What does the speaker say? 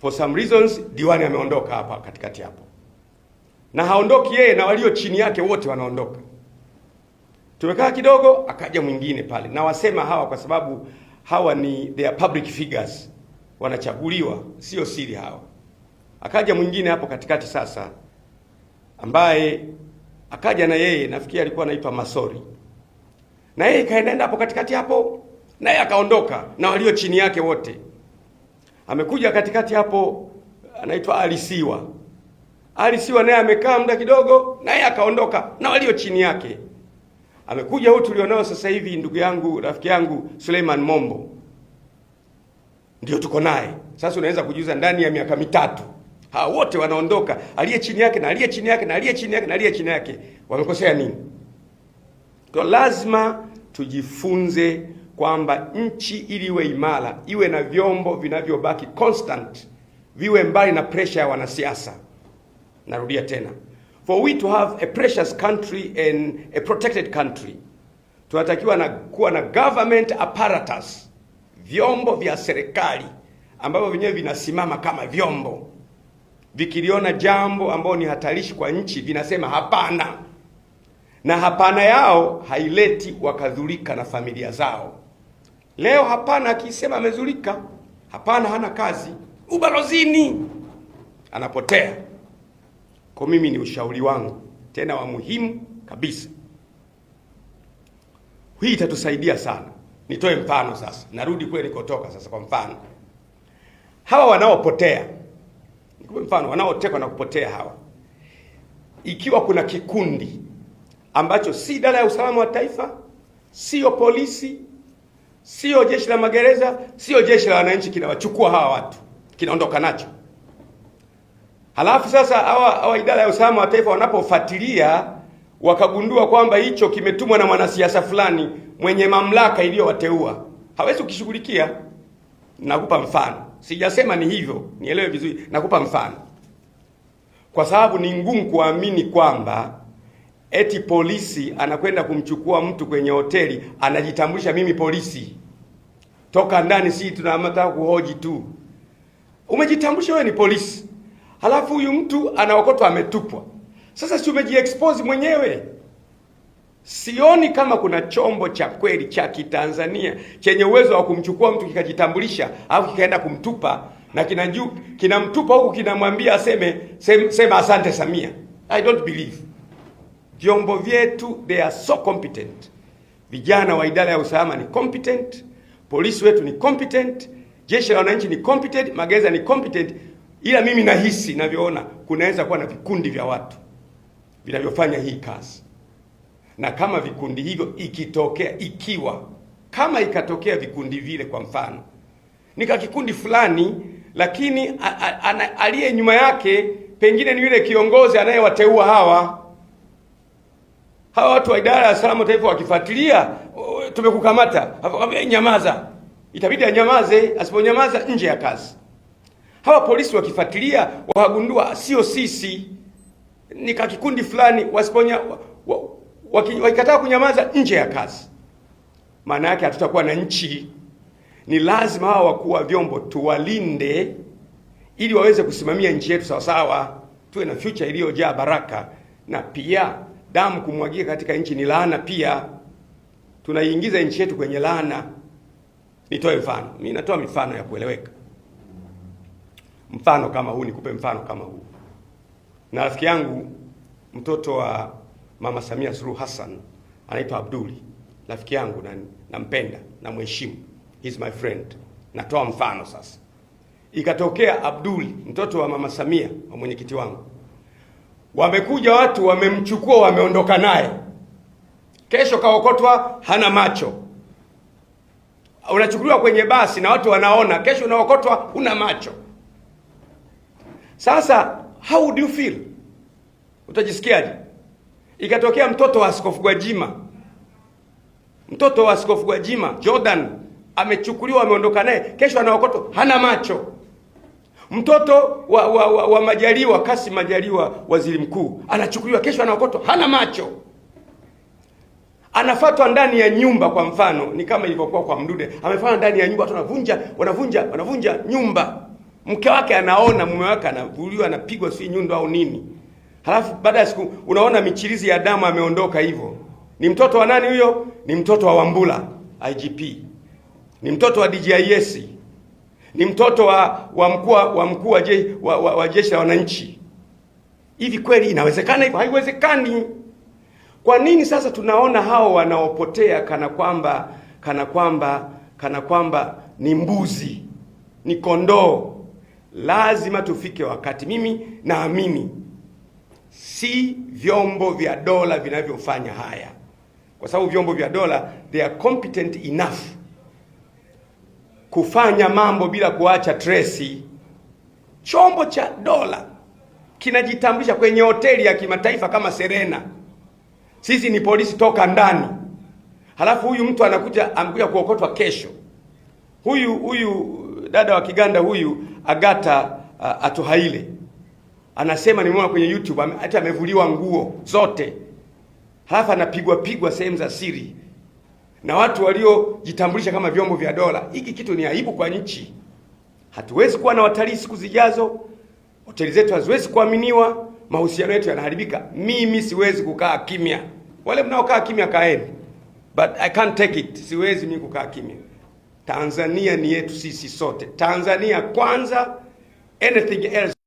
for some reasons diwani ameondoka hapa katikati hapo, na haondoki yeye na walio chini yake wote wanaondoka. Tumekaa kidogo, akaja mwingine pale, na wasema hawa kwa sababu hawa ni they are public figures, wanachaguliwa, sio siri hawa. Akaja mwingine hapo katikati sasa, ambaye akaja na yeye, nafikiri alikuwa anaitwa Masori, na yeye kaenda hapo katikati hapo, naye akaondoka na walio chini yake wote amekuja katikati hapo, anaitwa Alisiwa. Alisiwa naye amekaa muda kidogo, naye akaondoka na walio chini yake. Amekuja huyu tulionao sasa hivi, ndugu yangu, rafiki yangu Suleiman Mombo, ndio tuko naye sasa. Unaweza kujiuza ndani ya miaka mitatu hawa wote wanaondoka, aliye chini yake na aliye chini yake na aliye chini yake na aliye chini yake, wamekosea nini? Kwa lazima tujifunze kwamba nchi ili iwe imara iwe na vyombo vinavyobaki constant, viwe mbali na pressure ya wanasiasa. Narudia tena, for we to have a precious country and a protected country, tunatakiwa na kuwa na government apparatus, vyombo vya serikali ambavyo vyenyewe vinasimama kama vyombo, vikiliona jambo ambayo ni hatarishi kwa nchi vinasema hapana, na hapana yao haileti wakadhulika na familia zao. Leo hapana, akisema amezulika, hapana, hana kazi ubalozini, anapotea. Kwa mimi ni ushauri wangu tena wa muhimu kabisa, hii itatusaidia sana. Nitoe mfano sasa, narudi kule kotoka Sasa kwa mfano, hawa wanaopotea, nikupe mfano, wanaotekwa na kupotea hawa, ikiwa kuna kikundi ambacho si idara ya usalama wa taifa, sio polisi sio jeshi la magereza, sio jeshi la wananchi, kinawachukua hawa watu, kinaondoka nacho. Halafu sasa hawa hawa idara ya usalama wa taifa wanapofuatilia wakagundua kwamba hicho kimetumwa na mwanasiasa fulani mwenye mamlaka iliyowateua, hawezi ukishughulikia. Nakupa mfano, sijasema ni hivyo, nielewe vizuri. Nakupa mfano kwa sababu ni ngumu kuamini kwamba eti polisi anakwenda kumchukua mtu kwenye hoteli, anajitambulisha mimi polisi toka ndani, si tunamata kuhoji tu. Umejitambulisha wewe ni polisi, halafu huyu mtu anaokotwa ametupwa. Sasa si umejiexpose mwenyewe? Sioni kama kuna chombo cha kweli cha Kitanzania chenye uwezo wa kumchukua mtu kikajitambulisha, au kikaenda kumtupa na kinaju kinamtupa huku kinamwambia aseme sema, sema asante Samia. I don't believe. Vyombo vyetu they are so competent. Vijana wa idara ya usalama ni competent polisi wetu ni competent, jeshi la wananchi ni competent, magereza ni competent, ila mimi nahisi navyoona kunaweza kuwa na vikundi vya watu vinavyofanya hii kazi, na kama vikundi hivyo ikitokea, ikiwa kama ikatokea vikundi vile, kwa mfano nika kikundi fulani, lakini aliye nyuma yake pengine ni yule kiongozi anayewateua hawa hawa watu wa idara ya usalama taifa wakifuatilia tumekukamata, nyamaza. Itabidi anyamaze, asiponyamaza nje ya kazi. Hawa polisi wakifuatilia wagundua sio sisi, ni ka kikundi fulani, wasiponya wakikataa kunyamaza nje ya kazi, maana yake hatutakuwa na nchi. Ni lazima hawa wakuu wa vyombo tuwalinde, ili waweze kusimamia nchi yetu sawasawa, tuwe na future iliyojaa baraka, na pia damu kumwagia katika nchi ni laana pia tunaiingiza nchi yetu kwenye laana. Nitoe mfano, mimi natoa mifano ya kueleweka. Mfano kama huu, nikupe mfano kama huu. Na rafiki yangu mtoto wa Mama Samia Suluhu Hassan anaitwa Abduli, rafiki yangu na nampenda na mheshimu, he's my friend. Natoa mfano sasa, ikatokea Abduli mtoto wa Mama Samia wa mwenyekiti wangu, wamekuja watu wamemchukua, wameondoka naye kesho kaokotwa hana macho. Unachukuliwa kwenye basi na watu wanaona, kesho unaokotwa huna macho. Sasa how do you feel? Utajisikiaje ikatokea mtoto wa Askofu Gwajima, mtoto wa Askofu Gwajima Jordan amechukuliwa, ameondoka naye, kesho anaokotwa hana macho. Mtoto wa, wa, wa, wa Majaliwa Kassim Majaliwa, waziri mkuu, anachukuliwa, kesho anaokotwa hana macho anafatwa ndani ya nyumba. Kwa mfano ni kama ilivyokuwa kwa Mdude, amefatwa ndani ya nyumba, watu wanavunja wanavunja wanavunja nyumba, mke wake anaona mume wake anavuliwa, anapigwa si nyundo au nini, halafu baada ya siku unaona michirizi ya damu, ameondoka hivyo. Ni mtoto wa nani huyo? Ni mtoto wa Wambula IGP, ni mtoto wa DJIS, ni mtoto wa wa mkuu wa mkuu wa, wa, wa, wa jeshi la wananchi. Hivi kweli inawezekana hivyo? Haiwezekani. Kwa nini sasa tunaona hao wanaopotea kana kwamba kana kwamba kana kwamba ni mbuzi, ni kondoo? Lazima tufike wakati, mimi naamini si vyombo vya dola vinavyofanya haya, kwa sababu vyombo vya dola they are competent enough kufanya mambo bila kuacha tresi. Chombo cha dola kinajitambulisha kwenye hoteli ya kimataifa kama Serena. Sisi ni polisi toka ndani, halafu huyu mtu anakuja amekuja kuokotwa kesho. Huyu huyu dada wa Kiganda huyu Agata uh, Atuhaile anasema nimeona kwenye YouTube hata amevuliwa nguo zote, halafu anapigwa pigwa sehemu za siri na watu waliojitambulisha kama vyombo vya dola. Hiki kitu ni aibu kwa nchi. Hatuwezi kuwa na watalii siku zijazo, hoteli zetu haziwezi kuaminiwa mahusiano yetu yanaharibika, mimi siwezi kukaa kimya. Wale mnaokaa kimya kaeni, but I can't take it. Siwezi mimi kukaa kimya. Tanzania ni yetu sisi sote. Tanzania kwanza, anything else